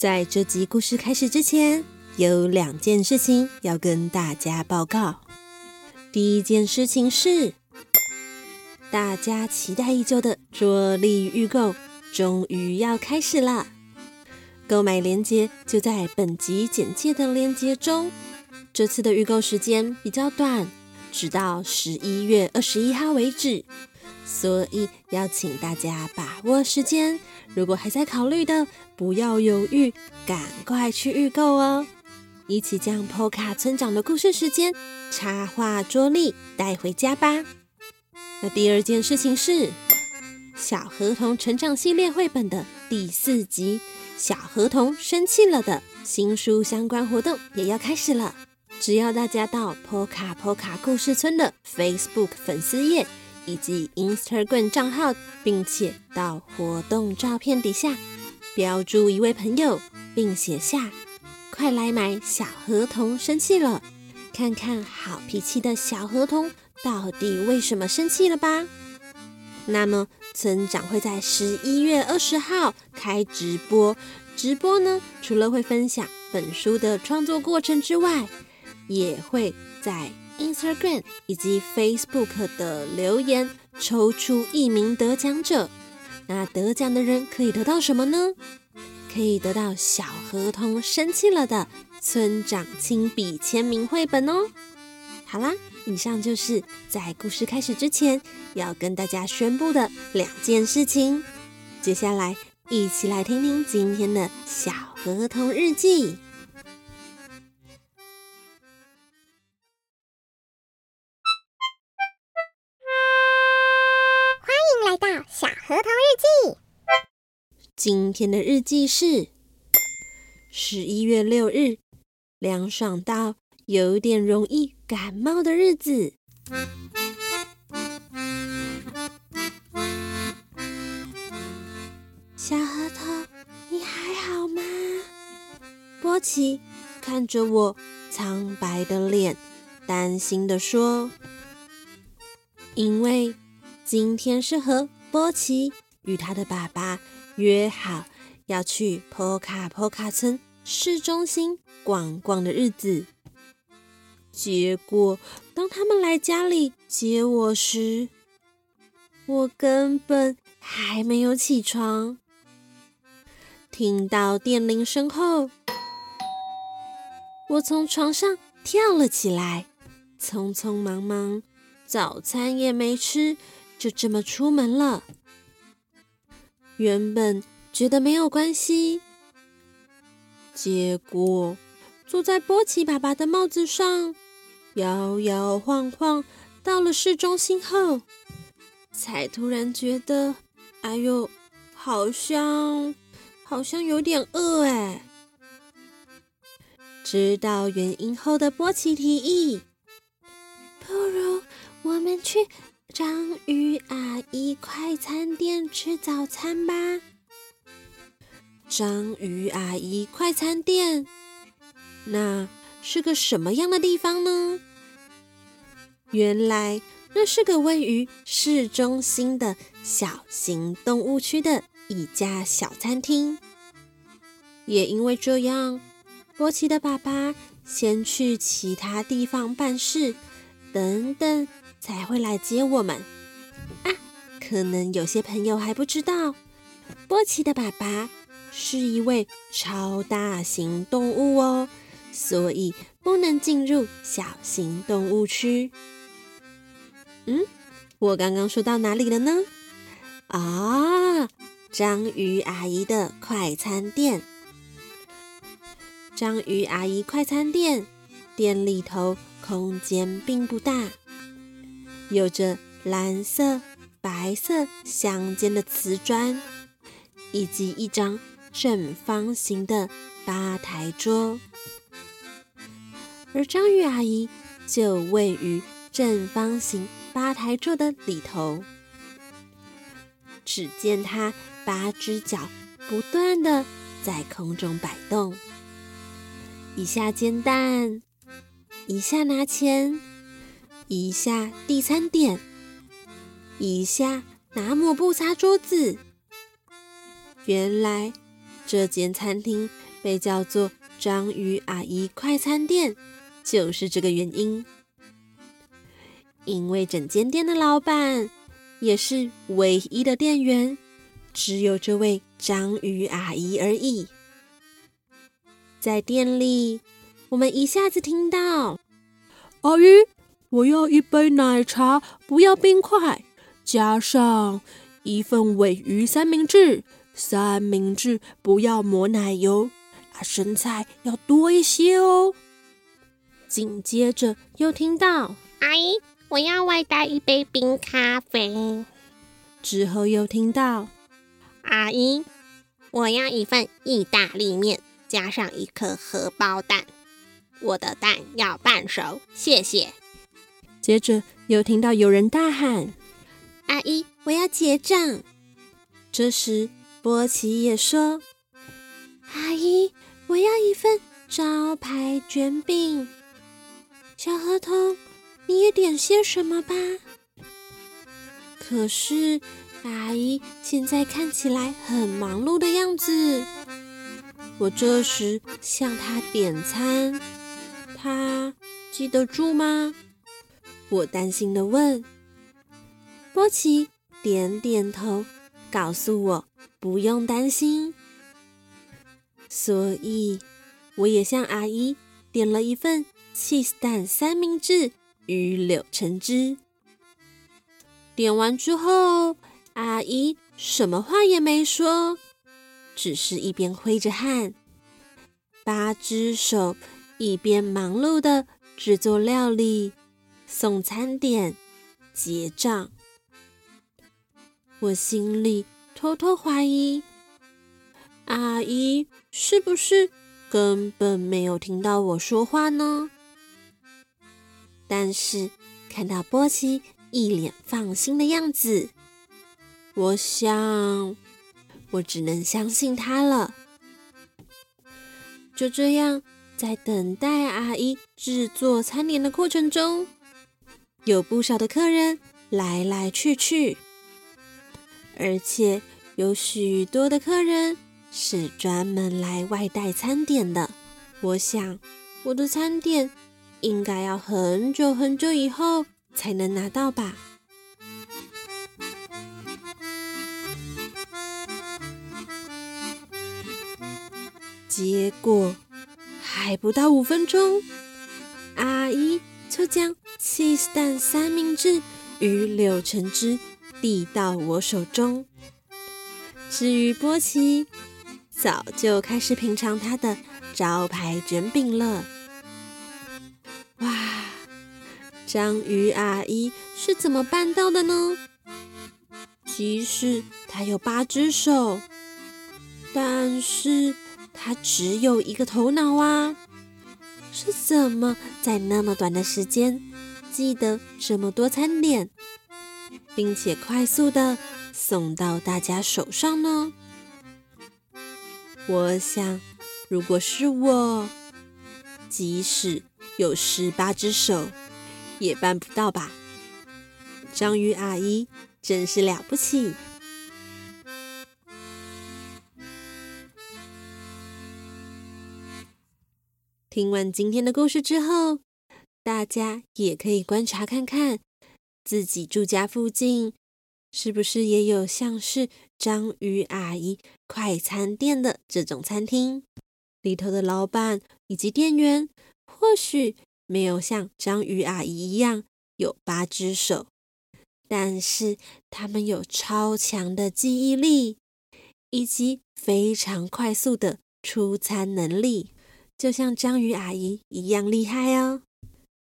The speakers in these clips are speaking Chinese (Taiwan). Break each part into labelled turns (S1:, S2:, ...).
S1: 在這集故事開始之前，有兩件事情要跟大家報告。第一件事情是，大家期待已久的桌曆預購終於要開始啦！購買鏈接就在本集簡介的鏈接中。這次的預購時間比較短，直到十一月二十一號為止。所以要請大家把握時間，如果還在考慮的，不要猶豫，趕快去預購哦！一起將《波卡村長》的故事時間插畫桌曆帶回家吧。那第二件事情是，《小河童成長系列繪本》的第四集《小河童生氣了》的新書相關活動也要開始了。只要大家到波卡波卡故事村的 Facebook 粉絲頁。以及 Instagram 賬號，並且到活動照片底下標注一位朋友，並寫下“快來買小河童生氣了，看看好脾氣的小河童到底為什麼生氣了吧。”那麼村長會在十一月二十號開直播，直播呢，除了會分享本書的創作過程之外，也會在 Instagram 以及 Facebook 的留言抽出一名得獎者，那得獎的人可以得到什麼呢？可以得到小河童生氣了的村長親筆簽名繪本哦。好啦，以上就是在故事開始之前要跟大家宣布的兩件事情，接下來一起來聽聽今天的《小河童日記》。小河童日記，今天的日記是十一月六日，涼爽到有點容易感冒的日子。小河童，你還好嗎？波奇看着我蒼白的臉，擔心地說：“因為今天是和波奇與他的爸爸約好要去波卡波卡村市中心逛逛的日子，結果，當他們來家裡接我時，我根本還沒有起床。聽到電鈴聲後，我從床上跳了起來，匆匆忙忙，早餐也沒吃。就這麼出門了，原本覺得沒有關係，結果坐在波奇爸爸的帽子上搖搖晃晃，到了市中心後，才突然覺得，哎呦，好像好像有點餓哎。知道原因後的波奇提議，不如我們去。章魚阿姨快餐店吃早餐吧。章魚阿姨快餐店，那是個什麼樣的地方呢？原來那是個位於市中心的小型動物區的一家小餐廳。也因為這樣，波奇的爸爸先去其他地方辦事，等等才會來接我們啊！可能有些朋友還不知道，波奇的爸爸是一位超大型動物哦，所以不能進入小型動物區。嗯，我剛剛說到哪裡了呢？啊、哦，章魚阿姨的快餐店。章魚阿姨快餐店，店裡頭空間並不大。有着藍色、白色相間的瓷磚，以及一張正方形的吧檯桌，而章魚阿姨就位於正方形吧檯桌的裡頭。只見她八隻腳不斷地在空中擺動，一下煎蛋，一下拿錢。一下遞餐點，一下拿抹布擦桌子。原來這間餐廳被叫做“章魚阿姨快餐店”，就是這個原因。因為整間店的老闆也是唯一的店員，只有這位章魚阿姨而已。在店裡，我們一下子聽到“章魚、哦”。我要一杯奶茶，不要冰塊，加上一份鮪魚三明治。三明治不要抹奶油，啊，生菜要多一些哦。緊接着又聽到阿姨，我要外帶一杯冰咖啡。之後又聽到阿姨，我要一份意大利麵，加上一顆荷包蛋。我的蛋要半熟，謝謝。接着又聽到有人大喊：“阿姨，我要結賬。”這時波奇也說：“阿姨，我要一份招牌捲餅。”小河童，你也點些什麼吧？可是阿姨現在看起來很忙碌的樣子。我這時向她點餐，她記得住嗎？我擔心地問，波奇點點頭，告訴我不用擔心。所以我也向阿姨點了一份起司蛋三明治與柳橙汁。點完之後，阿姨什麼話也沒說，只是一邊揮着汗八隻手，一邊忙碌地製作料理。送餐點結賬。我心裡偷偷懷疑，阿姨是不是根本沒有聽到我說話呢？但是看到波奇一臉放心的樣子，我想我只能相信他了。就這樣，在等待阿姨制作餐點的過程中。有不少的客人來來去去，而且有許多的客人是專門來外帶餐點的。我想我的餐點應該要很久很久以後才能拿到吧。結果還不到五分鐘，阿姨就將。起司蛋三明治與柳橙汁遞到我手中。至於波奇，早就開始品嚐他的招牌捲餅了。哇！章魚阿姨是怎麼辦到的呢？即使他有八隻手，但是他只有一個頭腦啊！是怎麼在那麼短的時間？記得這麼多餐點，並且快速的送到大家手上呢。我想，如果是我，即使有十八隻手，也辦不到吧。章魚阿姨真是了不起。聽完今天的故事之後，大家也可以觀察看看，自己住家附近是不是也有像是章魚阿姨快餐店的這種餐廳。裡頭的老闆以及店員，或許沒有像章魚阿姨一樣有八隻手，但是他們有超強的記憶力，以及非常快速的出餐能力，就像章魚阿姨一樣厲害哦。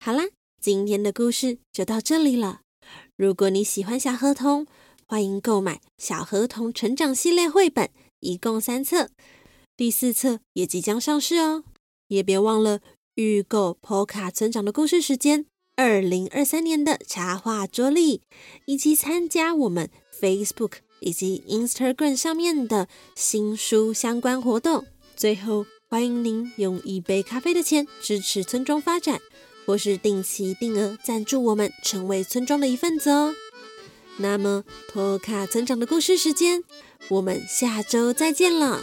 S1: 好啦，今天的故事就到這裡了。如果你喜歡小河童，歡迎購買《小河童成長系列》繪本，一共三冊，第四冊也即將上市哦。也別忘了預購《Poca 村長的故事時間》，二零二三年的插畫桌曆，以及參加我們 Facebook 以及 Instagram 上面的新書相關活動。最後，歡迎您用一杯咖啡的錢支持村莊發展。或是定期定額贊助我們，成為村莊的一份子哦。那麼，Poca 村長的故事時間，我們下周再見了。